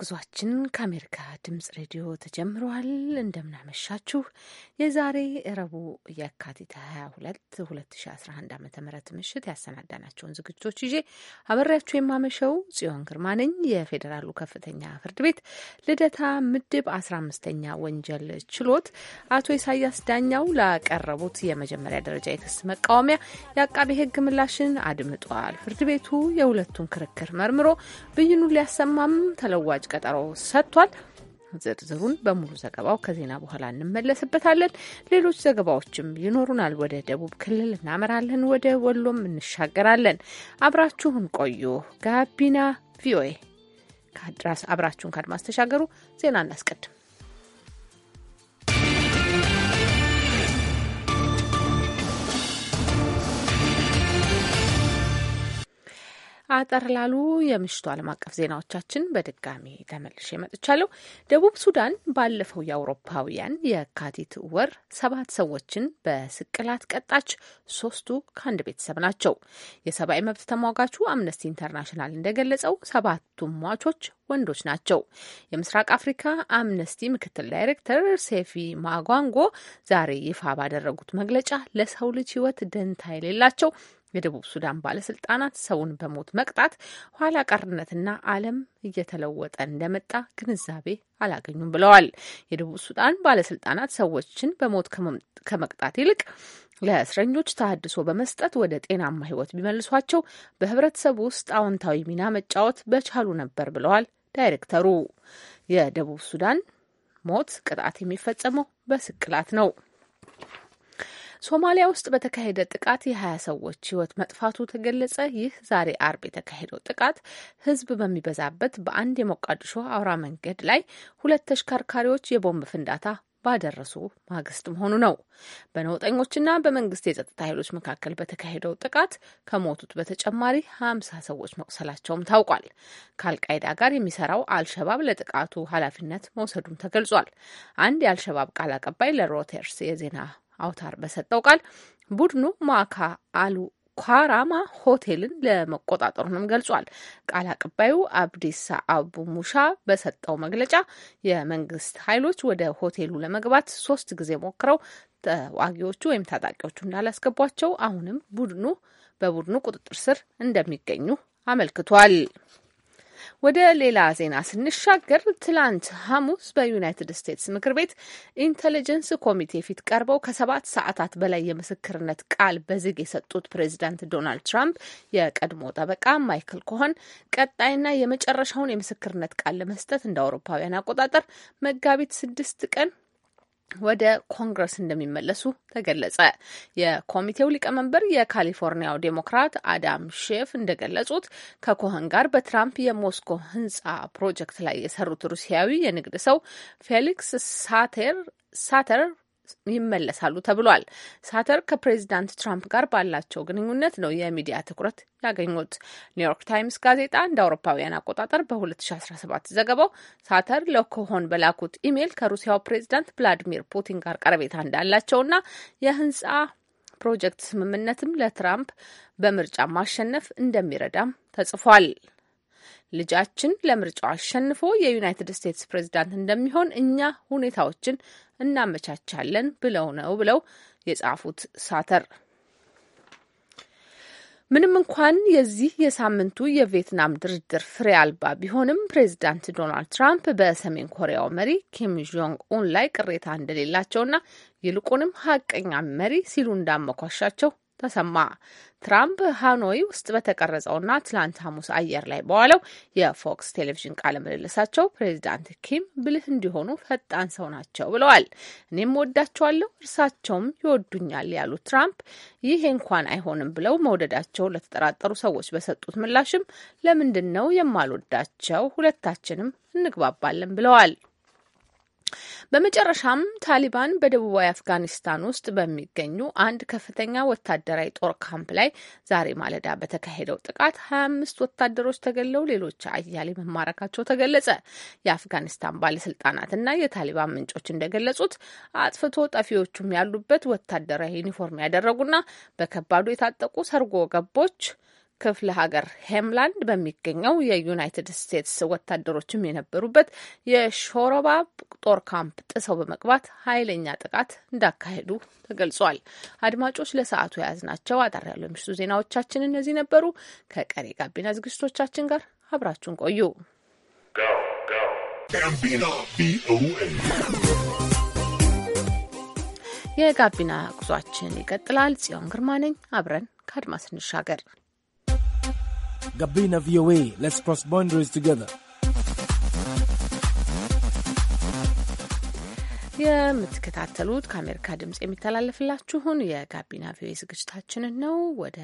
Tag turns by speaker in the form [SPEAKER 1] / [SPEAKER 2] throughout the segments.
[SPEAKER 1] ጉዟችን ከአሜሪካ ድምጽ ሬዲዮ ተጀምረዋል። እንደምናመሻችሁ የዛሬ እረቡ የካቲት 22 2011 ዓ ም ምሽት ያሰናዳናቸውን ዝግጅቶች ይዤ አበሬያችሁ የማመሸው ጽዮን ግርማ ነኝ። የፌዴራሉ ከፍተኛ ፍርድ ቤት ልደታ ምድብ 15ኛ ወንጀል ችሎት አቶ ኢሳያስ ዳኛው ላቀረቡት የመጀመሪያ ደረጃ የክስ መቃወሚያ የአቃቤ ሕግ ምላሽን አድምጧል። ፍርድ ቤቱ የሁለቱን ክርክር መርምሮ ብይኑን ሊያሰማም ተለዋጭ ቀጠሮ ሰጥቷል። ዝርዝሩን በሙሉ ዘገባው ከዜና በኋላ እንመለስበታለን። ሌሎች ዘገባዎችም ይኖሩናል። ወደ ደቡብ ክልል እናመራለን፣ ወደ ወሎም እንሻገራለን። አብራችሁን ቆዩ። ጋቢና ቪኦኤ አብራችሁን ከአድማስ ተሻገሩ። ዜና እናስቀድም። አጠር ላሉ የምሽቱ ዓለም አቀፍ ዜናዎቻችን በድጋሚ ተመልሼ መጥቻለሁ። ደቡብ ሱዳን ባለፈው የአውሮፓውያን የካቲት ወር ሰባት ሰዎችን በስቅላት ቀጣች። ሶስቱ ከአንድ ቤተሰብ ናቸው። የሰብአዊ መብት ተሟጋቹ አምነስቲ ኢንተርናሽናል እንደገለጸው ሰባቱም ሟቾች ወንዶች ናቸው። የምስራቅ አፍሪካ አምነስቲ ምክትል ዳይሬክተር ሴፊ ማጓንጎ ዛሬ ይፋ ባደረጉት መግለጫ ለሰው ልጅ ሕይወት ደንታ የሌላቸው የደቡብ ሱዳን ባለስልጣናት ሰውን በሞት መቅጣት ኋላ ቀርነትና ዓለም እየተለወጠ እንደመጣ ግንዛቤ አላገኙም ብለዋል። የደቡብ ሱዳን ባለስልጣናት ሰዎችን በሞት ከመቅጣት ይልቅ ለእስረኞች ተሃድሶ በመስጠት ወደ ጤናማ ህይወት ቢመልሷቸው በህብረተሰቡ ውስጥ አዎንታዊ ሚና መጫወት በቻሉ ነበር ብለዋል ዳይሬክተሩ። የደቡብ ሱዳን ሞት ቅጣት የሚፈጸመው በስቅላት ነው። ሶማሊያ ውስጥ በተካሄደ ጥቃት የሀያ ሰዎች ሕይወት መጥፋቱ ተገለጸ። ይህ ዛሬ አርብ የተካሄደው ጥቃት ህዝብ በሚበዛበት በአንድ የሞቃዲሾ አውራ መንገድ ላይ ሁለት ተሽከርካሪዎች የቦምብ ፍንዳታ ባደረሱ ማግስት መሆኑ ነው። በነውጠኞችና በመንግስት የጸጥታ ኃይሎች መካከል በተካሄደው ጥቃት ከሞቱት በተጨማሪ ሀምሳ ሰዎች መቁሰላቸውም ታውቋል። ከአልቃይዳ ጋር የሚሰራው አልሸባብ ለጥቃቱ ኃላፊነት መውሰዱም ተገልጿል። አንድ የአልሸባብ ቃል አቀባይ ለሮይተርስ የዜና አውታር በሰጠው ቃል ቡድኑ ማካ አሉ ኳራማ ሆቴልን ለመቆጣጠሩንም ገልጿል። ቃል አቀባዩ አብዲሳ አቡ ሙሻ በሰጠው መግለጫ የመንግስት ኃይሎች ወደ ሆቴሉ ለመግባት ሶስት ጊዜ ሞክረው ተዋጊዎቹ ወይም ታጣቂዎቹ እንዳላስገቧቸው አሁንም ቡድኑ በቡድኑ ቁጥጥር ስር እንደሚገኙ አመልክቷል። ወደ ሌላ ዜና ስንሻገር ትላንት ሐሙስ በዩናይትድ ስቴትስ ምክር ቤት ኢንቴሊጀንስ ኮሚቴ ፊት ቀርበው ከሰባት ሰዓታት በላይ የምስክርነት ቃል በዝግ የሰጡት ፕሬዚዳንት ዶናልድ ትራምፕ የቀድሞ ጠበቃ ማይክል ኮሆን ቀጣይና የመጨረሻውን የምስክርነት ቃል ለመስጠት እንደ አውሮፓውያን አቆጣጠር መጋቢት ስድስት ቀን ወደ ኮንግረስ እንደሚመለሱ ተገለጸ። የኮሚቴው ሊቀመንበር የካሊፎርኒያው ዴሞክራት አዳም ሼፍ እንደገለጹት ከኮህን ጋር በትራምፕ የሞስኮ ህንጻ ፕሮጀክት ላይ የሰሩት ሩሲያዊ የንግድ ሰው ፌሊክስ ሳተር ሳተር ይመለሳሉ ተብሏል። ሳተር ከፕሬዚዳንት ትራምፕ ጋር ባላቸው ግንኙነት ነው የሚዲያ ትኩረት ያገኙት። ኒውዮርክ ታይምስ ጋዜጣ እንደ አውሮፓውያን አቆጣጠር በ2017 ዘገባው ሳተር ለኮሆን በላኩት ኢሜይል ከሩሲያው ፕሬዚዳንት ቭላዲሚር ፑቲን ጋር ቀረቤታ እንዳላቸውና የህንፃ ፕሮጀክት ስምምነትም ለትራምፕ በምርጫ ማሸነፍ እንደሚረዳም ተጽፏል። ልጃችን ለምርጫው አሸንፎ የዩናይትድ ስቴትስ ፕሬዚዳንት እንደሚሆን እኛ ሁኔታዎችን እናመቻቻለን ብለው ነው ብለው የጻፉት ሳተር ምንም እንኳን የዚህ የሳምንቱ የቪየትናም ድርድር ፍሬ አልባ ቢሆንም ፕሬዚዳንት ዶናልድ ትራምፕ በሰሜን ኮሪያው መሪ ኪም ጆንግ ኡን ላይ ቅሬታ እንደሌላቸውና ይልቁንም ሀቀኛ መሪ ሲሉ እንዳመኳሻቸው ተሰማ። ትራምፕ ሃኖይ ውስጥ በተቀረጸውና ትላንት ሐሙስ አየር ላይ በዋለው የፎክስ ቴሌቪዥን ቃለ ምልልሳቸው ፕሬዚዳንት ኪም ብልህ እንዲሆኑ ፈጣን ሰው ናቸው ብለዋል። እኔም ወዳቸዋለሁ፣ እርሳቸውም ይወዱኛል ያሉ ትራምፕ ይህ እንኳን አይሆንም ብለው መውደዳቸው ለተጠራጠሩ ሰዎች በሰጡት ምላሽም ለምንድን ነው የማልወዳቸው? ሁለታችንም እንግባባለን ብለዋል። በመጨረሻም ታሊባን በደቡባዊ አፍጋኒስታን ውስጥ በሚገኙ አንድ ከፍተኛ ወታደራዊ ጦር ካምፕ ላይ ዛሬ ማለዳ በተካሄደው ጥቃት ሀያ አምስት ወታደሮች ተገለው ሌሎች አያሌ መማረካቸው ተገለጸ። የአፍጋኒስታን ባለስልጣናትና የታሊባን ምንጮች እንደገለጹት አጥፍቶ ጠፊዎቹም ያሉበት ወታደራዊ ዩኒፎርም ያደረጉና በከባዱ የታጠቁ ሰርጎ ገቦች ክፍለ ሀገር ሄምላንድ በሚገኘው የዩናይትድ ስቴትስ ወታደሮችም የነበሩበት የሾሮባ ጦር ካምፕ ጥሰው በመግባት ኃይለኛ ጥቃት እንዳካሄዱ ተገልጿል። አድማጮች ለሰዓቱ የያዝናቸው አጠር ያሉ የምሽቱ ዜናዎቻችን እነዚህ ነበሩ። ከቀሪ ጋቢና ዝግጅቶቻችን ጋር አብራችሁን ቆዩ። የጋቢና ጉዟችን ይቀጥላል። ጽዮን ግርማ ነኝ። አብረን ከአድማስ እንሻገር።
[SPEAKER 2] Gabina VOA. E. Let's cross boundaries together.
[SPEAKER 1] የምትከታተሉት ከአሜሪካ ድምፅ የሚተላለፍላችሁን የጋቢና ቪኦኤ ዝግጅታችንን ነው። ወደ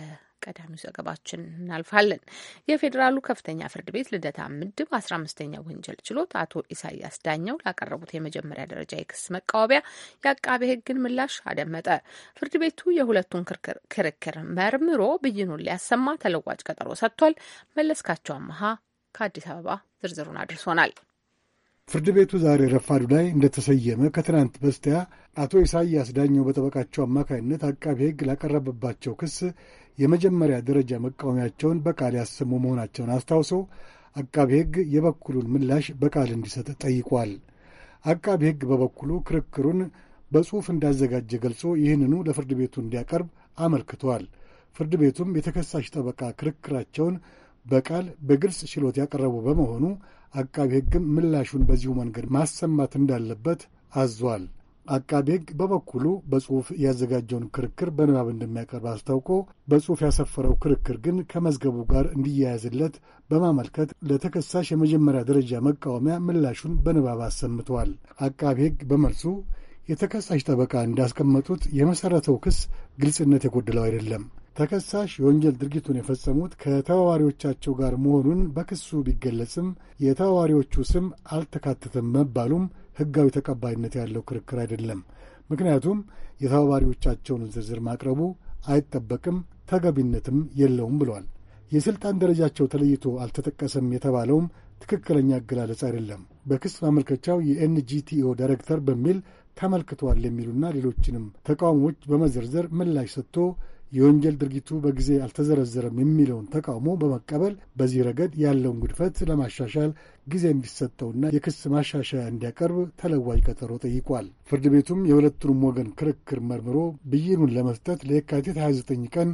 [SPEAKER 1] ቀዳሚው ዘገባችን እናልፋለን። የፌዴራሉ ከፍተኛ ፍርድ ቤት ልደታ ምድብ አስራ አምስተኛ ወንጀል ችሎት አቶ ኢሳያስ ዳኘው ላቀረቡት የመጀመሪያ ደረጃ የክስ መቃወቢያ የአቃቤ ሕግን ምላሽ አደመጠ። ፍርድ ቤቱ የሁለቱን ክርክር መርምሮ ብይኑን ሊያሰማ ተለዋጭ ቀጠሮ ሰጥቷል። መለስካቸው አመሀ ከአዲስ አበባ ዝርዝሩን አድርሶናል።
[SPEAKER 3] ፍርድ ቤቱ ዛሬ ረፋዱ ላይ እንደተሰየመ ከትናንት በስቲያ አቶ ኢሳያስ ዳኘው በጠበቃቸው አማካይነት አቃቢ ሕግ ላቀረበባቸው ክስ የመጀመሪያ ደረጃ መቃወሚያቸውን በቃል ያሰሙ መሆናቸውን አስታውሶ አቃቤ ሕግ የበኩሉን ምላሽ በቃል እንዲሰጥ ጠይቋል። አቃቤ ሕግ በበኩሉ ክርክሩን በጽሑፍ እንዳዘጋጀ ገልጾ ይህንኑ ለፍርድ ቤቱ እንዲያቀርብ አመልክቷል። ፍርድ ቤቱም የተከሳሽ ጠበቃ ክርክራቸውን በቃል በግልጽ ችሎት ያቀረቡ በመሆኑ አቃቢ ሕግም ምላሹን በዚሁ መንገድ ማሰማት እንዳለበት አዟል። አቃቢ ሕግ በበኩሉ በጽሑፍ ያዘጋጀውን ክርክር በንባብ እንደሚያቀርብ አስታውቆ በጽሑፍ ያሰፈረው ክርክር ግን ከመዝገቡ ጋር እንዲያያዝለት በማመልከት ለተከሳሽ የመጀመሪያ ደረጃ መቃወሚያ ምላሹን በንባብ አሰምተዋል። አቃቢ ሕግ በመልሱ የተከሳሽ ጠበቃ እንዳስቀመጡት የመሠረተው ክስ ግልጽነት የጎደለው አይደለም። ተከሳሽ የወንጀል ድርጊቱን የፈጸሙት ከተባባሪዎቻቸው ጋር መሆኑን በክሱ ቢገለጽም የተባባሪዎቹ ስም አልተካተተም መባሉም ሕጋዊ ተቀባይነት ያለው ክርክር አይደለም። ምክንያቱም የተባባሪዎቻቸውን ዝርዝር ማቅረቡ አይጠበቅም፣ ተገቢነትም የለውም ብሏል። የሥልጣን ደረጃቸው ተለይቶ አልተጠቀሰም የተባለውም ትክክለኛ አገላለጽ አይደለም። በክስ ማመልከቻው የኤንጂቲኦ ዳይሬክተር በሚል ተመልክቷል የሚሉና ሌሎችንም ተቃውሞዎች በመዘርዘር ምላሽ ሰጥቶ የወንጀል ድርጊቱ በጊዜ አልተዘረዘረም የሚለውን ተቃውሞ በመቀበል በዚህ ረገድ ያለውን ግድፈት ለማሻሻል ጊዜ እንዲሰጠውና የክስ ማሻሻያ እንዲያቀርብ ተለዋጅ ቀጠሮ ጠይቋል። ፍርድ ቤቱም የሁለቱንም ወገን ክርክር መርምሮ ብይኑን ለመስጠት ለየካቲት 29 ቀን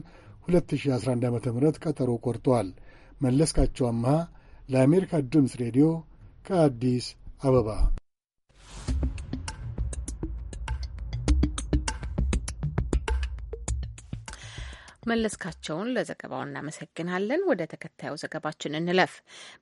[SPEAKER 3] 2011 ዓ ም ቀጠሮ ቆርጠዋል። መለስካቸው አምሃ ለአሜሪካ ድምፅ ሬዲዮ ከአዲስ አበባ
[SPEAKER 1] መለስካቸውን ለዘገባው እናመሰግናለን። ወደ ተከታዩ ዘገባችን እንለፍ።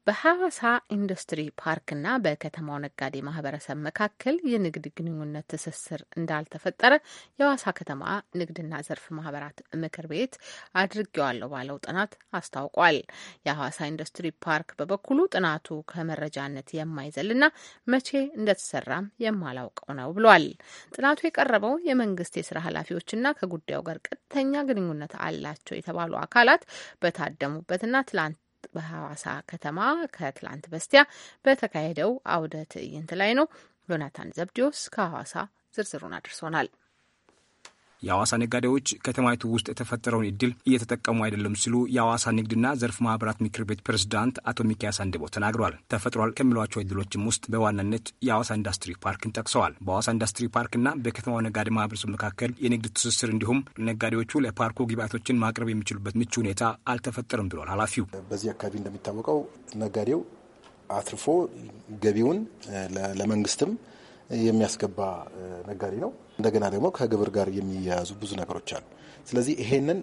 [SPEAKER 1] በሐዋሳ ኢንዱስትሪ ፓርክና በከተማው ነጋዴ ማህበረሰብ መካከል የንግድ ግንኙነት ትስስር እንዳልተፈጠረ የሐዋሳ ከተማ ንግድና ዘርፍ ማህበራት ምክር ቤት አድርጌዋለሁ ባለው ጥናት አስታውቋል። የሐዋሳ ኢንዱስትሪ ፓርክ በበኩሉ ጥናቱ ከመረጃነት የማይዘልና መቼ እንደተሰራም የማላውቀው ነው ብሏል። ጥናቱ የቀረበው የመንግስት የስራ ኃላፊዎችና ከጉዳዩ ጋር ቀጥተኛ ግንኙነት አላቸው የተባሉ አካላት በታደሙበትና ትላንት በሐዋሳ ከተማ ከትላንት በስቲያ በተካሄደው አውደ ትዕይንት ላይ ነው። ዮናታን ዘብዲዮስ ከሐዋሳ ዝርዝሩን አድርሶናል።
[SPEAKER 4] የአዋሳ ነጋዴዎች ከተማይቱ ውስጥ የተፈጠረውን እድል እየተጠቀሙ አይደለም ሲሉ የአዋሳ ንግድና ዘርፍ ማህበራት ምክር ቤት ፕሬዝዳንት አቶ ሚኪያስ አንድቦ ተናግረዋል። ተፈጥሯል ከሚሏቸው እድሎችም ውስጥ በዋናነት የአዋሳ ኢንዱስትሪ ፓርክን ጠቅሰዋል። በአዋሳ ኢንዱስትሪ ፓርክና በከተማው ነጋዴ ማህበረሰብ መካከል የንግድ ትስስር እንዲሁም ነጋዴዎቹ ለፓርኩ ግብአቶችን ማቅረብ የሚችሉበት ምቹ ሁኔታ
[SPEAKER 3] አልተፈጠረም ብሏል ኃላፊው። በዚህ አካባቢ እንደሚታወቀው ነጋዴው አትርፎ ገቢውን ለመንግስትም የሚያስገባ ነጋዴ ነው። እንደገና ደግሞ ከግብር ጋር የሚያያዙ ብዙ ነገሮች አሉ። ስለዚህ ይሄንን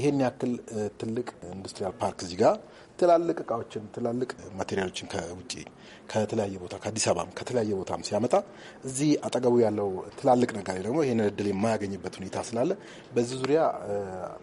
[SPEAKER 3] ይሄን ያክል ትልቅ ኢንዱስትሪያል ፓርክ እዚህ ጋር ትላልቅ እቃዎችን ትላልቅ ማቴሪያሎችን ከውጭ ከተለያየ ቦታ ከአዲስ አበባም ከተለያየ ቦታም ሲያመጣ እዚህ አጠገቡ ያለው ትላልቅ ነጋዴ ደግሞ ይህንን እድል የማያገኝበት ሁኔታ ስላለ በዚህ ዙሪያ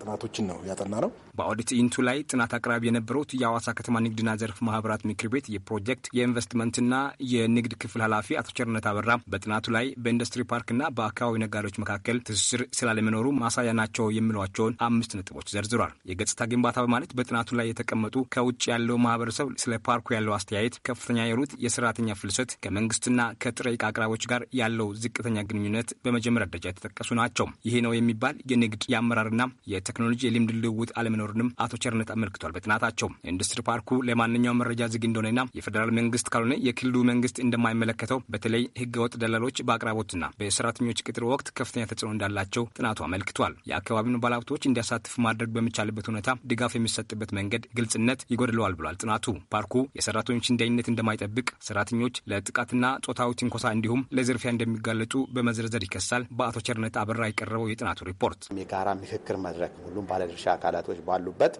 [SPEAKER 3] ጥናቶችን ነው ያጠና ነው።
[SPEAKER 4] በአውደ ኢንቱ ላይ ጥናት አቅራቢ የነበሩት የአዋሳ ከተማ ንግድና ዘርፍ ማህበራት ምክር ቤት የፕሮጀክት የኢንቨስትመንትና የንግድ ክፍል ኃላፊ አቶ ቸርነት አበራ በጥናቱ ላይ በኢንዱስትሪ ፓርክና በአካባቢ ነጋዴዎች መካከል ትስስር ስላለመኖሩ ማሳያ ናቸው የሚሏቸውን አምስት ነጥቦች ዘርዝሯል። የገጽታ ግንባታ በማለት በጥናቱ ላይ የተቀመጡ ከውጭ ያለው ማህበረሰብ ስለ ፓርኩ ያለው አስተያየት ከፍተኛ የሆኑት በማለት የሰራተኛ ፍልሰት ከመንግስትና ከጥሬ ዕቃ አቅራቦች ጋር ያለው ዝቅተኛ ግንኙነት በመጀመሪያ ደረጃ የተጠቀሱ ናቸው። ይሄ ነው የሚባል የንግድ የአመራርና የቴክኖሎጂ የልምድ ልውውጥ አለመኖርንም አቶ ቸርነት አመልክቷል። በጥናታቸው ኢንዱስትሪ ፓርኩ ለማንኛውም መረጃ ዝግ እንደሆነና የፌዴራል መንግስት ካልሆነ የክልሉ መንግስት እንደማይመለከተው በተለይ ህገወጥ ደላሎች በአቅራቦትና በሰራተኞች ቅጥር ወቅት ከፍተኛ ተጽዕኖ እንዳላቸው ጥናቱ አመልክቷል። የአካባቢውን ባለሀብቶች እንዲያሳትፍ ማድረግ በሚቻልበት ሁኔታ ድጋፍ የሚሰጥበት መንገድ ግልጽነት ይጎድለዋል ብሏል ጥናቱ። ፓርኩ የሰራተኞችን ደህንነት እንደማይጠብቅ ሲያጸድቅ ሰራተኞች ለጥቃትና ጾታዊ ትንኮሳ እንዲሁም ለዝርፊያ እንደሚጋለጡ በመዘርዘር ይከሳል። በአቶ ቸርነት አበራ የቀረበው የጥናቱ ሪፖርት የጋራ
[SPEAKER 5] ምክክር መድረክ ሁሉም ባለድርሻ አካላቶች ባሉበት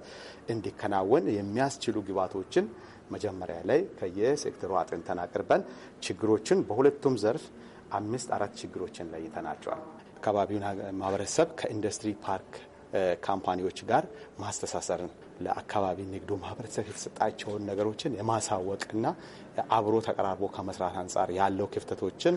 [SPEAKER 4] እንዲከናወን የሚያስችሉ ግባቶችን መጀመሪያ ላይ ከየሴክተሩ አጥንተን አቅርበን ችግሮችን በሁለቱም ዘርፍ አምስት አራት ችግሮችን ለይተናቸዋል። አካባቢውን
[SPEAKER 3] ማህበረሰብ ከኢንዱስትሪ ፓርክ ካምፓኒዎች ጋር ማስተሳሰርን ለአካባቢ ንግዱ ማህበረሰብ የተሰጣቸውን ነገሮችን የማሳወቅና አብሮ ተቀራርቦ
[SPEAKER 4] ከመስራት አንጻር ያለው ክፍተቶችን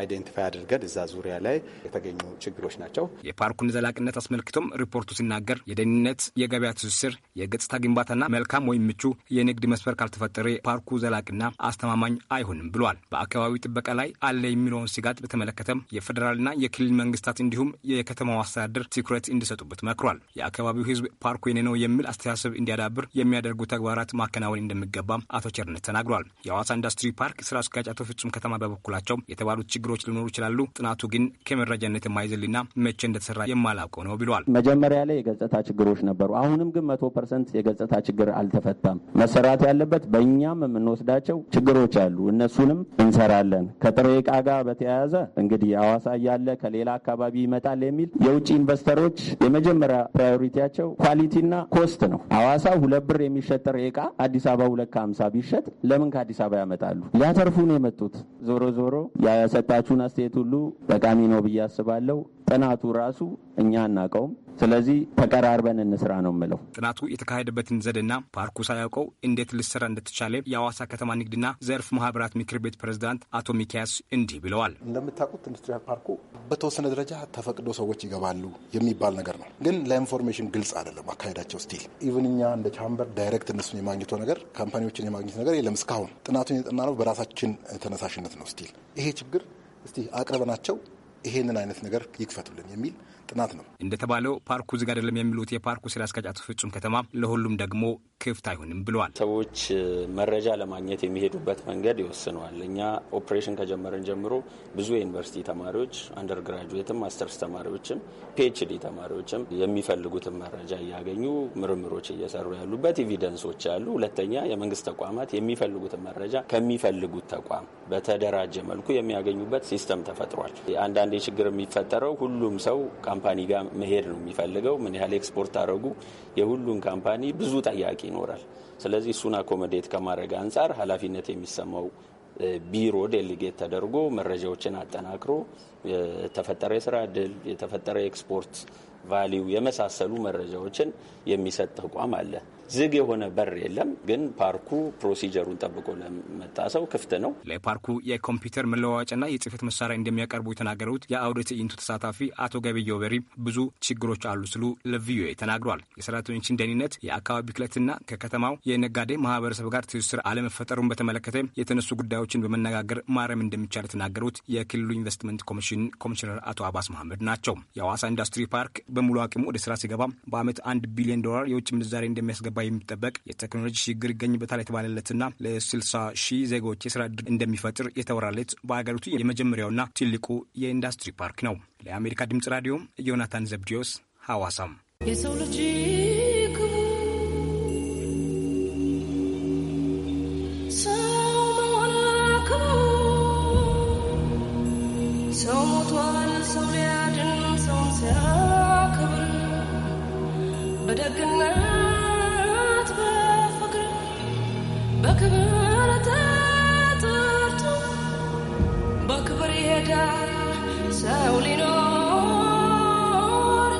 [SPEAKER 4] አይደንቲፋይ አድርገን እዛ ዙሪያ ላይ የተገኙ ችግሮች ናቸው። የፓርኩን ዘላቂነት አስመልክቶም ሪፖርቱ ሲናገር የደህንነት፣ የገበያ ትስስር፣ የገጽታ ግንባታና መልካም ወይም ምቹ የንግድ መስፈር ካልተፈጠረ ፓርኩ ዘላቂና አስተማማኝ አይሆንም ብሏል። በአካባቢው ጥበቃ ላይ አለ የሚለውን ስጋት በተመለከተም የፌዴራልና የክልል መንግስታት እንዲሁም የከተማው አስተዳደር ትኩረት እንዲሰጡበት መክሯል። የአካባቢው ህዝብ ፓርኩ የኔ ነው የሚል አስተሳሰብ እንዲያዳብር የሚያደርጉ ተግባራት ማከናወን እንደሚገባም አቶ ቸርነት ተናግሯል። የሐዋሳ ኢንዱስትሪ ፓርክ ስራ አስኪያጅ አቶ ፍጹም ከተማ በበኩላቸው የተባሉት ችግሮች ሊኖሩ ይችላሉ፣ ጥናቱ ግን ከመረጃነት የማይዘልና መቼ እንደተሰራ የማላውቀው ነው ብለዋል።
[SPEAKER 5] መጀመሪያ ላይ የገጽታ ችግሮች ነበሩ። አሁንም ግን መቶ ፐርሰንት የገጽታ ችግር አልተፈታም። መሰራት ያለበት በእኛም የምንወስዳቸው ችግሮች አሉ። እነሱንም እንሰራለን። ከጥሬ እቃ ጋር በተያያዘ እንግዲህ ሐዋሳ እያለ ከሌላ አካባቢ ይመጣል የሚል የውጭ ኢንቨስተሮች የመጀመሪያ ፕራዮሪቲያቸው ኳሊቲና ኮስት ነው። ሐዋሳ ሁለት ብር የሚሸጥ ጥሬ እቃ አዲስ አበባ ሁለት ከሀምሳ ቢሸጥ ለምን ከአዲስ ሀሳብ ያመጣሉ። ሊያተርፉ ነው የመጡት። ዞሮ ዞሮ የሰጣችሁን አስተያየት ሁሉ ጠቃሚ ነው ብዬ አስባለሁ። ጥናቱ ራሱ እኛ አናውቀውም ስለዚህ ተቀራርበን እንስራ ነው የምለው።
[SPEAKER 4] ጥናቱ የተካሄደበትን ዘዴና ፓርኩ ሳያውቀው እንዴት ልሰራ እንደተቻለ የአዋሳ ከተማ ንግድና ዘርፍ ማህበራት ምክር ቤት ፕሬዝዳንት አቶ ሚኪያስ እንዲህ ብለዋል።
[SPEAKER 3] እንደምታውቁት ኢንዱስትሪያል ፓርኩ በተወሰነ ደረጃ ተፈቅዶ ሰዎች ይገባሉ የሚባል ነገር ነው። ግን ለኢንፎርሜሽን ግልጽ አይደለም አካሄዳቸው። ስቲል ኢቭን እኛ እንደ ቻምበር ዳይሬክት እነሱን የማግኘቱ ነገር ካምፓኒዎችን የማግኘት ነገር የለም። እስካሁን ጥናቱን የጠና ነው በራሳችን ተነሳሽነት ነው። ስቲል ይሄ ችግር እስቲ አቅርበናቸው ይሄንን አይነት ነገር ይክፈቱልን የሚል ጥናት ነው።
[SPEAKER 4] እንደተባለው ፓርኩ ዝግ አይደለም የሚሉት የፓርኩ ስራ አስኪያጅ አቶ ፍጹም ከተማ ለሁሉም
[SPEAKER 5] ደግሞ ክፍት አይሆንም ብለዋል። ሰዎች መረጃ ለማግኘት የሚሄዱበት መንገድ ይወስነዋል። እኛ ኦፕሬሽን ከጀመረን ጀምሮ ብዙ የዩኒቨርሲቲ ተማሪዎች፣ አንደር ማስተርስ ተማሪዎችም፣ ፒኤችዲ ተማሪዎችም የሚፈልጉትን መረጃ እያገኙ ምርምሮች እየሰሩ ያሉበት ኤቪደንሶች አሉ። ሁለተኛ የመንግስት ተቋማት የሚፈልጉትን መረጃ ከሚፈልጉት ተቋም በተደራጀ መልኩ የሚያገኙበት ሲስተም ተፈጥሯል። አንዳንድ ችግር የሚፈጠረው ሁሉም ሰው ካምፓኒ ጋር መሄድ ነው የሚፈልገው። ምን ያህል ኤክስፖርት አደረጉ? የሁሉን ካምፓኒ ብዙ ጠያቂ ይኖራል። ስለዚህ እሱን አኮመዴት ከማድረግ አንጻር ኃላፊነት የሚሰማው ቢሮ ዴሊጌት ተደርጎ መረጃዎችን አጠናክሮ የተፈጠረ የስራ እድል የተፈጠረ ኤክስፖርት ቫሊዩ የመሳሰሉ መረጃዎችን የሚሰጥ ተቋም አለ። ዝግ የሆነ በር የለም፣ ግን ፓርኩ ፕሮሲጀሩን ጠብቆ ለመጣ ሰው ክፍት ነው።
[SPEAKER 4] ለፓርኩ የኮምፒውተር መለዋወጫና የጽህፈት መሳሪያ እንደሚያቀርቡ የተናገሩት የአውደ ትዕይንቱ ተሳታፊ አቶ ገበየው በሪ ብዙ ችግሮች አሉ ሲሉ ለቪኦኤ ተናግሯል። የሰራተኞችን ደህንነት፣ የአካባቢ ክለትና ከከተማው የነጋዴ ማህበረሰብ ጋር ትስስር አለመፈጠሩን በተመለከተ የተነሱ ጉዳዮችን በመነጋገር ማረም እንደሚቻል የተናገሩት የክልሉ ኢንቨስትመንት ኮሚሽን ኮሚሽነር አቶ አባስ መሐመድ ናቸው። የአዋሳ ኢንዱስትሪ ፓርክ በሙሉ አቅሙ ወደ ስራ ሲገባ በአመት አንድ ቢሊዮን ዶላር የውጭ ምንዛሬ እንደሚያስገባ የሚጠበቅ የቴክኖሎጂ ችግር ይገኝበታል የተባለለትና ለ60 ሺህ ዜጎች የስራ እድል እንደሚፈጥር የተወራለት በሀገሪቱ የመጀመሪያውና ትልቁ የኢንዱስትሪ ፓርክ ነው። ለአሜሪካ ድምጽ ራዲዮ ዮናታን ዘብዲዮስ ሐዋሳም
[SPEAKER 6] የሰው ልጅ በደግነት በፍቅር በክብር ተጠርቶ በክብር ይሄዳል ሰው ሊኖር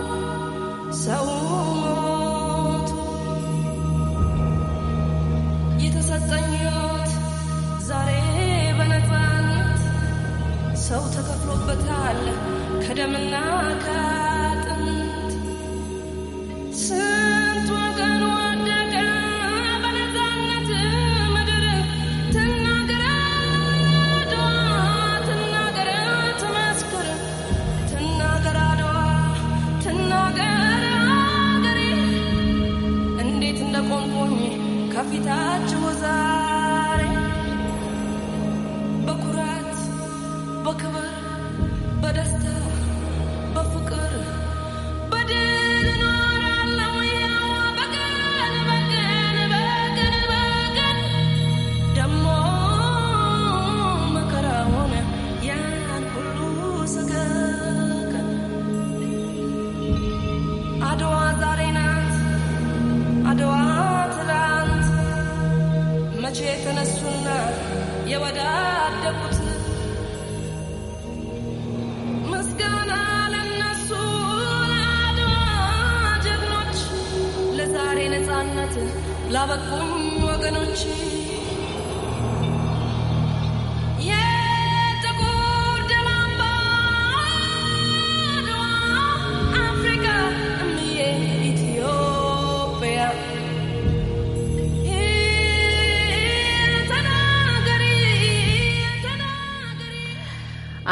[SPEAKER 6] ሰው ሞቱ የተሰጠኝት ዛሬ በነፃነት ሰው ተከፍሎበታል ከደምና bakımı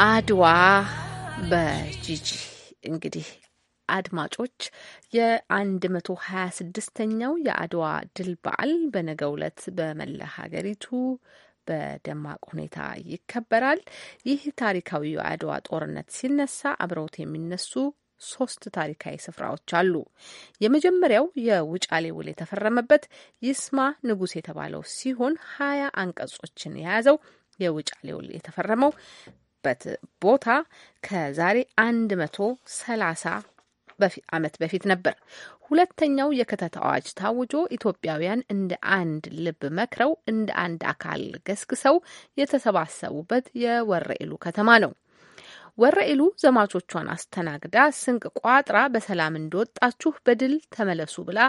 [SPEAKER 1] አድዋ በጂጂ እንግዲህ አድማጮች የ126ኛው የአድዋ ድል በዓል በነገው ዕለት በመላ ሀገሪቱ በደማቅ ሁኔታ ይከበራል። ይህ ታሪካዊ የአድዋ ጦርነት ሲነሳ አብረውት የሚነሱ ሶስት ታሪካዊ ስፍራዎች አሉ። የመጀመሪያው የውጫሌ ውል የተፈረመበት ይስማ ንጉስ የተባለው ሲሆን ሀያ አንቀጾችን የያዘው የውጫሌ ውል የተፈረመው የነበረበት ቦታ ከዛሬ 130 ዓመት በፊት ነበር። ሁለተኛው የክተት አዋጅ ታውጆ ኢትዮጵያውያን እንደ አንድ ልብ መክረው እንደ አንድ አካል ገስግሰው የተሰባሰቡበት የወረኢሉ ከተማ ነው። ወረኢሉ ዘማቾቿን አስተናግዳ ስንቅ ቋጥራ በሰላም እንደወጣችሁ በድል ተመለሱ ብላ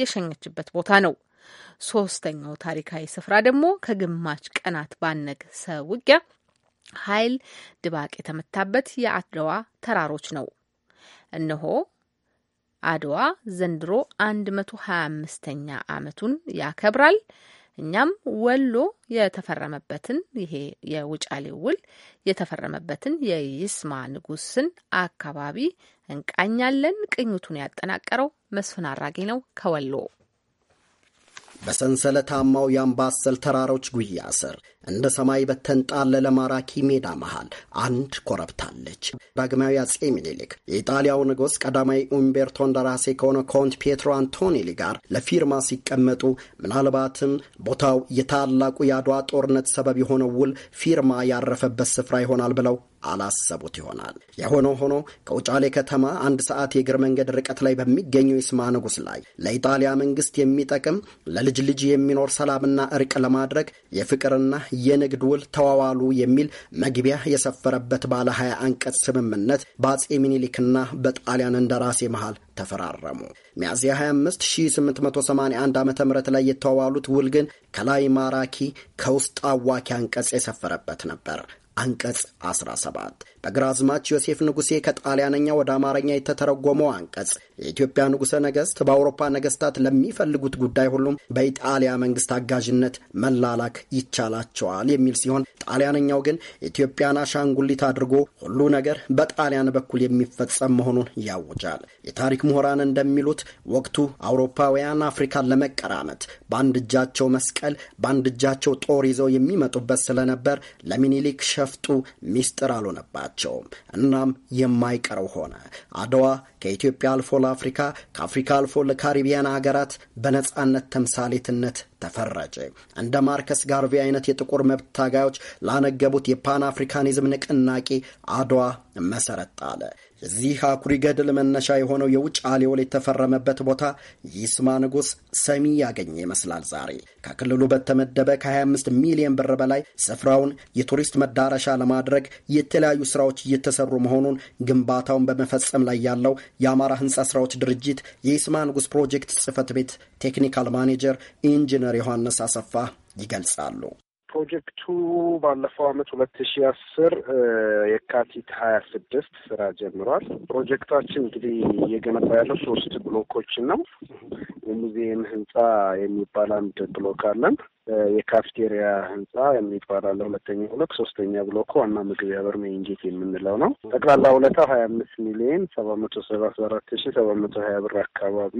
[SPEAKER 1] የሸኘችበት ቦታ ነው። ሶስተኛው ታሪካዊ ስፍራ ደግሞ ከግማሽ ቀናት ባነገሰ ውጊያ ኃይል ድባቅ የተመታበት የአድዋ ተራሮች ነው። እነሆ አድዋ ዘንድሮ 125ኛ ዓመቱን ያከብራል። እኛም ወሎ የተፈረመበትን ይሄ የውጫሌ ውል የተፈረመበትን የይስማ ንጉስን አካባቢ እንቃኛለን። ቅኝቱን ያጠናቀረው መስፍን አራጌ ነው ከወሎ
[SPEAKER 7] በሰንሰለታማው የአምባሰል ተራሮች ጉያ ስር እንደ ሰማይ በተንጣለለ ማራኪ ሜዳ መሃል አንድ ኮረብታለች። ዳግማዊ አጼ ሚኒሊክ የኢጣሊያው ንጉሥ ቀዳማዊ ኡምቤርቶ እንደራሴ ከሆነ ኮንት ፔትሮ አንቶኒሊ ጋር ለፊርማ ሲቀመጡ ምናልባትም ቦታው የታላቁ የአድዋ ጦርነት ሰበብ የሆነው ውል ፊርማ ያረፈበት ስፍራ ይሆናል ብለው አላሰቡት ይሆናል። የሆነ ሆኖ ከውጫሌ ከተማ አንድ ሰዓት የእግር መንገድ ርቀት ላይ በሚገኘው ይስማ ንጉሥ ላይ ለኢጣሊያ መንግስት የሚጠቅም ለልጅ ልጅ የሚኖር ሰላምና እርቅ ለማድረግ የፍቅርና የንግድ ውል ተዋዋሉ የሚል መግቢያ የሰፈረበት ባለ ሀያ አንቀጽ ስምምነት በአጼ ሚኒሊክና በጣሊያን እንደራሴ መሃል ተፈራረሙ። ሚያዝያ 25 1881 ዓ ም ላይ የተዋዋሉት ውል ግን ከላይ ማራኪ ከውስጥ አዋኪ አንቀጽ የሰፈረበት ነበር። አንቀጽ 17 በግራዝማች ዮሴፍ ንጉሴ ከጣሊያነኛ ወደ አማርኛ የተተረጎመው አንቀጽ የኢትዮጵያ ንጉሠ ነገሥት በአውሮፓ ነገሥታት ለሚፈልጉት ጉዳይ ሁሉም በኢጣሊያ መንግሥት አጋዥነት መላላክ ይቻላቸዋል የሚል ሲሆን ጣሊያነኛው ግን ኢትዮጵያን አሻንጉሊት አድርጎ ሁሉ ነገር በጣሊያን በኩል የሚፈጸም መሆኑን ያውጃል። የታሪክ ምሁራን እንደሚሉት ወቅቱ አውሮፓውያን አፍሪካን ለመቀራመት በአንድ እጃቸው መስቀል፣ በአንድ እጃቸው ጦር ይዘው የሚመጡበት ስለነበር ለሚኒሊክ ቢሸፍጡ ሚስጥር አልሆነባቸውም። እናም የማይቀረው ሆነ። አድዋ ከኢትዮጵያ አልፎ ለአፍሪካ ከአፍሪካ አልፎ ለካሪቢያን አገራት በነጻነት ተምሳሌትነት ተፈረጀ። እንደ ማርከስ ጋርቬ አይነት የጥቁር መብት ታጋዮች ላነገቡት የፓን አፍሪካኒዝም ንቅናቄ አድዋ መሰረት ጣለ። ለዚህ አኩሪ ገድል መነሻ የሆነው የውጫሌ ውል የተፈረመበት ቦታ ይስማ ንጉሥ ሰሚ ያገኘ ይመስላል። ዛሬ ከክልሉ በተመደበ ከ25 ሚሊዮን ብር በላይ ስፍራውን የቱሪስት መዳረሻ ለማድረግ የተለያዩ ስራዎች እየተሰሩ መሆኑን ግንባታውን በመፈጸም ላይ ያለው የአማራ ህንፃ ስራዎች ድርጅት የይስማ ንጉሥ ፕሮጀክት ጽህፈት ቤት ቴክኒካል ማኔጀር ኢንጂነር ዮሐንስ አሰፋ ይገልጻሉ።
[SPEAKER 2] ፕሮጀክቱ ባለፈው አመት ሁለት ሺ አስር የካቲት ሀያ ስድስት ስራ ጀምሯል። ፕሮጀክታችን እንግዲህ እየገነባ ያለው ሶስት ብሎኮችን ነው። የሙዚየም ህንፃ የሚባል አንድ ብሎክ አለን። የካፍቴሪያ ህንፃ የሚባላለ ሁለተኛ ብሎክ፣ ሶስተኛ ብሎክ ዋና መግቢያ በር ሜንጌት የምንለው ነው። ጠቅላላ ውለታው ሀያ አምስት ሚሊዮን ሰባ መቶ ሰባት አራት ሺ ሰባ መቶ ሀያ ብር አካባቢ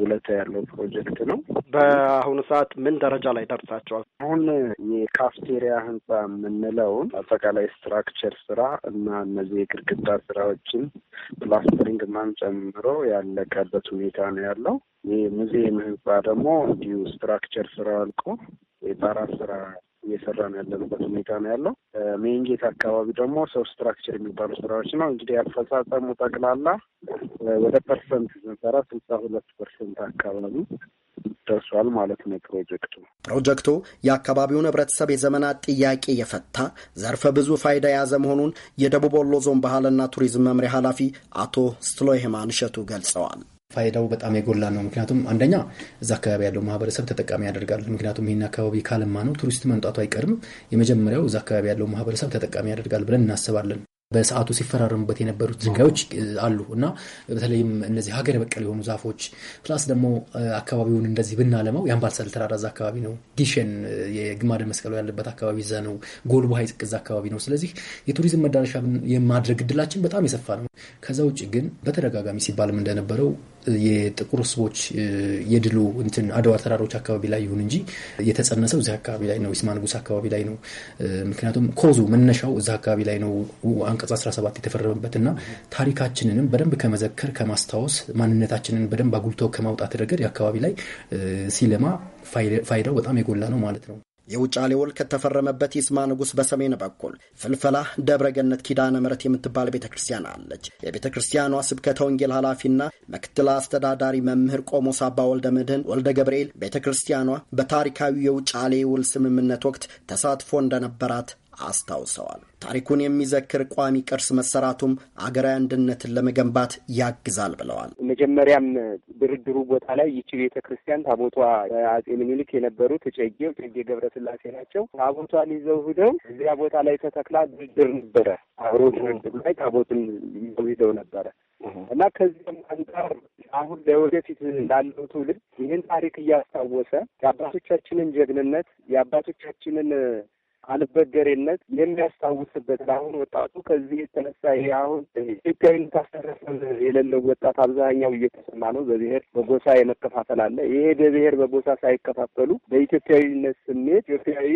[SPEAKER 2] ውለታ ያለው ፕሮጀክት ነው። በአሁኑ ሰዓት ምን ደረጃ ላይ ደርሳቸዋል? አሁን የካፍቴሪያ ህንፃ የምንለውን አጠቃላይ ስትራክቸር ስራ እና እነዚህ የግድግዳ ስራዎችን ፕላስተሪንግ ማን ጨምሮ ያለቀበት ሁኔታ ነው ያለው። የሙዚየም ህንፃ ደግሞ እንዲሁ ስትራክቸር ስራ አልቆ የጣራ ስራ እየሰራን ያለንበት ሁኔታ ነው ያለው። ሜንጌት አካባቢ ደግሞ ሰው ስትራክቸር የሚባሉ ስራዎች ነው እንግዲህ አፈጻጸሙ ጠቅላላ ወደ ፐርሰንት ስንሰራ ስልሳ ሁለት ፐርሰንት አካባቢ ደርሷል
[SPEAKER 7] ማለት ነው። ፕሮጀክቱ ፕሮጀክቱ የአካባቢውን ህብረተሰብ የዘመናት ጥያቄ የፈታ ዘርፈ ብዙ ፋይዳ የያዘ መሆኑን የደቡብ ወሎ ዞን ባህልና ቱሪዝም መምሪያ ኃላፊ አቶ ስትሎይህማን ገልጸዋል።
[SPEAKER 8] ፋይዳው በጣም የጎላ ነው። ምክንያቱም አንደኛ እዛ አካባቢ ያለው ማህበረሰብ ተጠቃሚ ያደርጋል። ምክንያቱም ይህን አካባቢ ካለማ ነው ቱሪስት መምጣቱ አይቀርም። የመጀመሪያው እዛ አካባቢ ያለው ማህበረሰብ ተጠቃሚ ያደርጋል ብለን እናስባለን። በሰዓቱ ሲፈራረሙበት የነበሩት ድንጋዮች አሉ እና በተለይም እነዚህ ሀገር በቀል የሆኑ ዛፎች ፕላስ ደግሞ አካባቢውን እንደዚህ ብናለማው የአምባሰል ተራራ እዛ አካባቢ ነው። ጊሸን የግማደ መስቀሉ ያለበት አካባቢ እዛ ነው። ጎልባ ሐይቅ እዛ አካባቢ ነው። ስለዚህ የቱሪዝም መዳረሻ የማድረግ እድላችን በጣም የሰፋ ነው። ከዛ ውጭ ግን በተደጋጋሚ ሲባልም እንደነበረው የጥቁር ህዝቦች የድሉ እንትን አድዋ ተራሮች አካባቢ ላይ ይሁን እንጂ የተጸነሰው እዚህ አካባቢ ላይ ነው። ስማ ንጉስ አካባቢ ላይ ነው። ምክንያቱም ኮዙ መነሻው እዚህ አካባቢ ላይ ነው። አንቀጽ 17 የተፈረመበትና ታሪካችንንም በደንብ ከመዘከር ከማስታወስ ማንነታችንን በደንብ አጉልቶ ከማውጣት ረገድ የአካባቢ ላይ ሲለማ ፋይዳው በጣም የጎላ ነው ማለት ነው።
[SPEAKER 7] የውጫሌ ውል ከተፈረመበት ይስማ ንጉሥ በሰሜን በኩል ፍልፈላ ደብረገነት ኪዳነ ምሕረት የምትባል ቤተ ክርስቲያን አለች። የቤተ ክርስቲያኗ ስብከተ ወንጌል ኃላፊና ምክትል አስተዳዳሪ መምህር ቆሞስ አባ ወልደ ምድህን ወልደ ገብርኤል ቤተ ክርስቲያኗ በታሪካዊ የውጫሌ ውል ስምምነት ወቅት ተሳትፎ እንደነበራት አስታውሰዋል። ታሪኩን የሚዘክር ቋሚ ቅርስ መሰራቱም አገራዊ አንድነትን ለመገንባት ያግዛል ብለዋል።
[SPEAKER 2] መጀመሪያም ድርድሩ ቦታ ላይ ይቺ ቤተ ክርስቲያን ታቦቷ አጼ ምኒልክ የነበሩት እጨጌ እጨጌ ገብረ ስላሴ ናቸው። ታቦቷን ይዘው ሂደው እዚያ ቦታ ላይ ተተክላ ድርድር ነበረ። አብሮ ድርድር ላይ ታቦትን ይዘው ሂደው ነበረ እና ከዚህም አንጻር አሁን ለወደፊት ላለው ትውልድ ይህን ታሪክ እያስታወሰ የአባቶቻችንን ጀግንነት የአባቶቻችንን አልበገሬነት የሚያስታውስበት አሁን ወጣቱ ከዚህ የተነሳ ይሄ አሁን ኢትዮጵያዊነት አስተሳሰብ የሌለው ወጣት አብዛኛው እየተሰማ ነው። በብሔር በጎሳ የመከፋፈል አለ። ይሄ በብሔር በጎሳ ሳይከፋፈሉ በኢትዮጵያዊነት ስሜት ኢትዮጵያዊ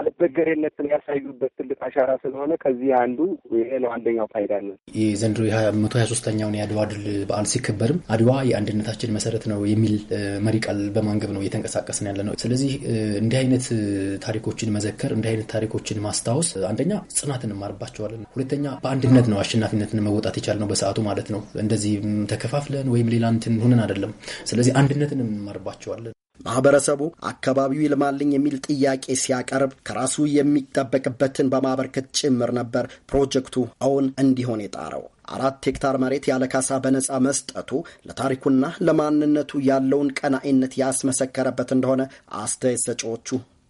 [SPEAKER 2] አልበገሬነትን ያሳዩበት ትልቅ አሻራ ስለሆነ ከዚህ አንዱ ይሄ ነው። አንደኛው ፋይዳ ነው።
[SPEAKER 8] የዘንድሮ መቶ ሀያ ሶስተኛውን የአድዋ ድል በዓል ሲከበርም አድዋ የአንድነታችን መሰረት ነው የሚል መሪ ቃል በማንገብ ነው እየተንቀሳቀስን ያለ ነው። ስለዚህ እንዲህ አይነት ታሪኮችን መዘከር እንዲህ አይነት አይነት ታሪኮችን ማስታወስ አንደኛ ጽናት እንማርባቸዋለን፣ ሁለተኛ በአንድነት ነው አሸናፊነትን መወጣት የቻልነው በሰዓቱ ማለት ነው። እንደዚህ ተከፋፍለን ወይም ሌላ እንትን ሁንን አይደለም። ስለዚህ አንድነትን እንማርባቸዋለን።
[SPEAKER 7] ማህበረሰቡ አካባቢው ይልማልኝ የሚል ጥያቄ ሲያቀርብ ከራሱ የሚጠበቅበትን በማበርከት ጭምር ነበር ፕሮጀክቱ አሁን እንዲሆን የጣረው። አራት ሄክታር መሬት ያለ ካሳ በነጻ መስጠቱ ለታሪኩና ለማንነቱ ያለውን ቀናኢነት ያስመሰከረበት እንደሆነ አስተያየት ሰጪዎቹ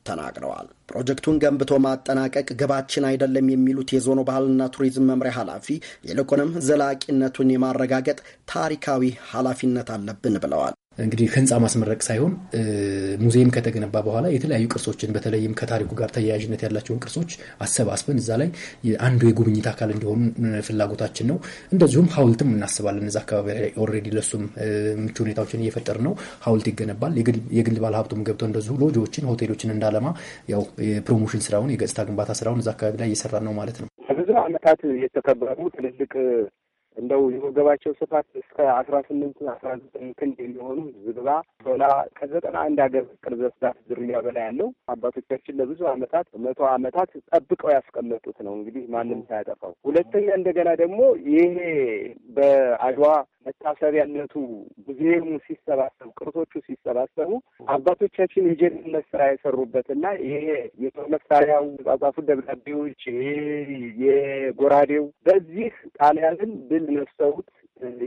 [SPEAKER 7] ተናግረዋል። ፕሮጀክቱን ገንብቶ ማጠናቀቅ ግባችን አይደለም የሚሉት የዞኑ ባህልና ቱሪዝም መምሪያ ኃላፊ፣ ይልቁንም ዘላቂነቱን የማረጋገጥ ታሪካዊ ኃላፊነት አለብን ብለዋል።
[SPEAKER 8] እንግዲህ ህንፃ ማስመረቅ ሳይሆን ሙዚየም ከተገነባ በኋላ የተለያዩ ቅርሶችን በተለይም ከታሪኩ ጋር ተያያዥነት ያላቸውን ቅርሶች አሰባስበን እዛ ላይ አንዱ የጉብኝት አካል እንዲሆኑ ፍላጎታችን ነው። እንደዚሁም ሀውልትም እናስባለን። እዛ አካባቢ ላይ ኦልሬዲ ለሱም ምቹ ሁኔታዎችን እየፈጠር ነው። ሀውልት ይገነባል። የግል ባለሀብቱም ሀብቱም ገብተው እንደዚሁ ሎጆዎችን፣ ሆቴሎችን እንዳለማ ያው የፕሮሞሽን ስራውን የገጽታ ግንባታ ስራውን እዛ አካባቢ ላይ እየሰራ ነው ማለት ነው።
[SPEAKER 2] ብዙ አመታት የተከበሩ ትልልቅ እንደው የወገባቸው ስፋት እስከ አስራ ስምንት አስራ ዘጠኝ ክንድ የሚሆኑ ዝግባ፣ ዶላ ከዘጠና አንድ ሀገር ቅርዘት ስዳት ዝርያ በላይ ያለው አባቶቻችን ለብዙ ዓመታት መቶ ዓመታት ጠብቀው ያስቀመጡት ነው። እንግዲህ ማንም ሳያጠፋው። ሁለተኛ እንደገና ደግሞ ይሄ በአድዋ መታሰቢያነቱ ሙዚየሙ ሲሰባሰቡ ቅርሶቹ ሲሰባሰቡ አባቶቻችን የጀግንነት ስራ የሰሩበትና ይሄ የጦር መሳሪያው የተጻጻፉ ደብዳቤዎች፣ ይሄ የጎራዴው በዚህ ጣሊያንን ምንድን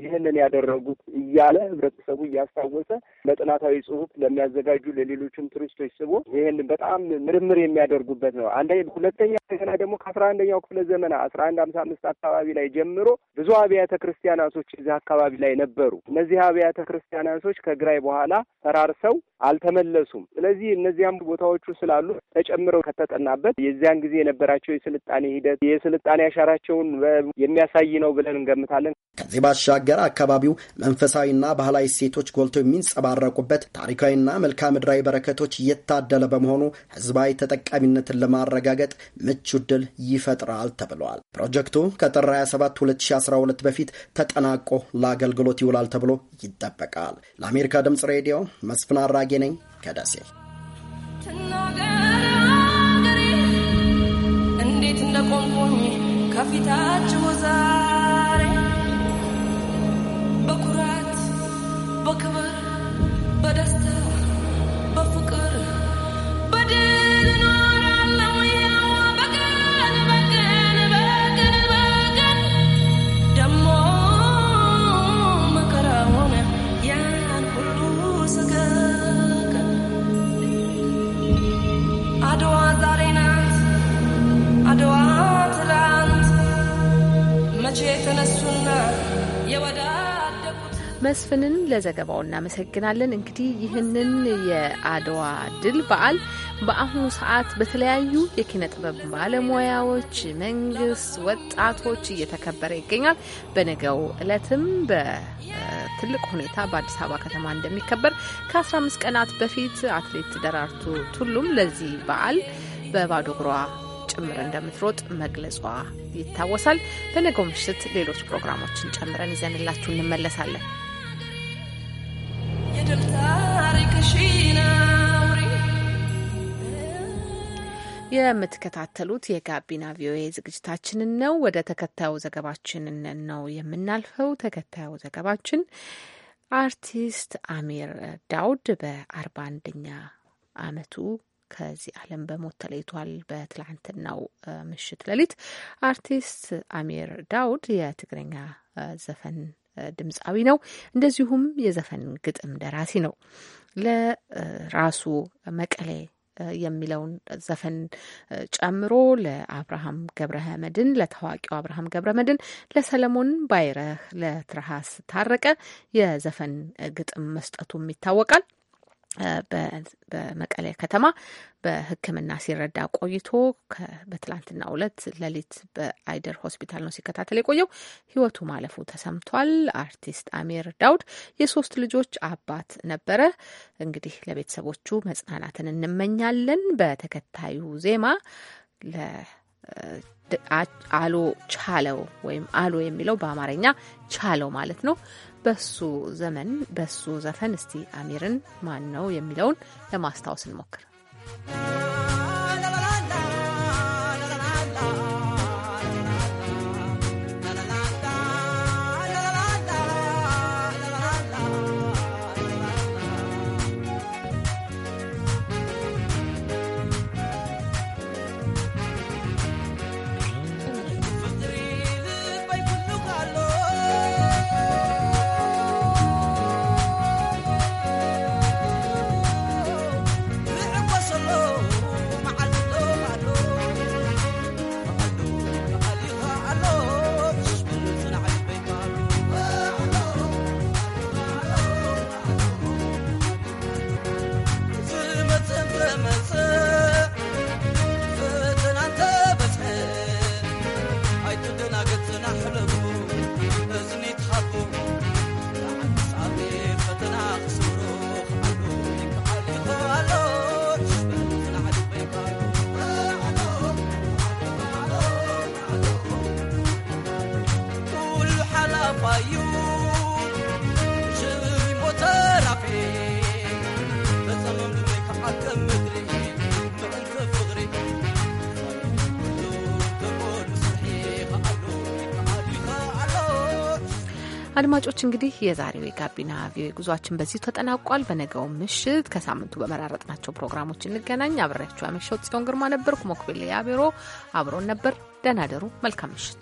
[SPEAKER 2] ይህንን ያደረጉት እያለ ህብረተሰቡ እያስታወሰ ለጥናታዊ ጽሁፍ ለሚያዘጋጁ ለሌሎችም ቱሪስቶች ስቦ ይህን በጣም ምርምር የሚያደርጉበት ነው። አንደ ሁለተኛ ገና ደግሞ ከአስራ አንደኛው ክፍለ ዘመና አስራ አንድ ሀምሳ አምስት አካባቢ ላይ ጀምሮ ብዙ አብያተ ክርስቲያናቶች እዚህ አካባቢ ላይ ነበሩ። እነዚህ አብያተ ክርስቲያናቶች ከግራይ በኋላ ፈራርሰው አልተመለሱም። ስለዚህ እነዚያም ቦታዎቹ ስላሉ ተጨምረው ከተጠናበት የዚያን ጊዜ የነበራቸው የስልጣኔ ሂደት የስልጣኔ አሻራቸውን የሚያሳይ ነው ብለን እንገምታለን።
[SPEAKER 7] ከዚህ ባሻገር አካባቢው መንፈሳዊና ባህላዊ እሴቶች ጎልተው የሚንጸባረቁበት ታሪካዊና መልክዓ ምድራዊ በረከቶች እየታደለ በመሆኑ ህዝባዊ ተጠቃሚነትን ለማረጋገጥ ምቹ ድል ይፈጥራል ተብለዋል። ፕሮጀክቱ ከጥር 27 2012 በፊት ተጠናቆ ለአገልግሎት ይውላል ተብሎ ይጠበቃል። ለአሜሪካ ድምፅ ሬዲዮ መስፍን አራጌ ነኝ ከደሴ።
[SPEAKER 6] እንዴት እንደቆምኩኝ ከፊታችሁ ዛ
[SPEAKER 1] መስፍንን ለዘገባው እናመሰግናለን። እንግዲህ ይህንን የአድዋ ድል በዓል በአሁኑ ሰዓት በተለያዩ የኪነ ጥበብ ባለሙያዎች፣ መንግስት፣ ወጣቶች እየተከበረ ይገኛል። በነገው እለትም በትልቅ ሁኔታ በአዲስ አበባ ከተማ እንደሚከበር ከ15 ቀናት በፊት አትሌት ደራርቱ ቱሉም ለዚህ በዓል በባዶ እግሯ ጭምር እንደምትሮጥ መግለጿ ይታወሳል። በነገው ምሽት ሌሎች ፕሮግራሞችን ጨምረን ይዘንላችሁ እንመለሳለን። የምትከታተሉት የጋቢና ቪኦኤ ዝግጅታችንን ነው። ወደ ተከታዩ ዘገባችን ነው የምናልፈው። ተከታዩ ዘገባችን አርቲስት አሚር ዳውድ በአርባ አንደኛ አመቱ ከዚህ ዓለም በሞት ተለይቷል። በትላንትናው ምሽት ሌሊት አርቲስት አሚር ዳውድ የትግረኛ ዘፈን ድምፃዊ ነው። እንደዚሁም የዘፈን ግጥም ደራሲ ነው። ለራሱ መቀሌ የሚለውን ዘፈን ጨምሮ ለአብርሃም ገብረ መድን ለታዋቂው አብርሃም ገብረ መድን፣ ለሰለሞን ባይረህ፣ ለትርሃስ ታረቀ የዘፈን ግጥም መስጠቱም ይታወቃል። በመቀሌ ከተማ በሕክምና ሲረዳ ቆይቶ በትላንትና ሁለት ሌሊት በአይደር ሆስፒታል ነው ሲከታተል የቆየው ህይወቱ ማለፉ ተሰምቷል። አርቲስት አሚር ዳውድ የሶስት ልጆች አባት ነበረ። እንግዲህ ለቤተሰቦቹ መጽናናትን እንመኛለን። በተከታዩ ዜማ አሎ ቻለው ወይም አሎ የሚለው በአማርኛ ቻለው ማለት ነው። በሱ ዘመን በሱ ዘፈን እስቲ አሚርን ማን ነው የሚለውን ለማስታወስ እንሞክር። አድማጮች እንግዲህ የዛሬው የጋቢና ቪኦኤ ጉዟችን በዚሁ ተጠናቋል። በነገው ምሽት ከሳምንቱ በመራረጥናቸው ፕሮግራሞች እንገናኝ። አብሬያችሁ ያመሸው ጽዮን ግርማ ነበርኩ። ሞክቤል ያቢሮ አብሮን ነበር። ደህና ደሩ። መልካም ምሽት።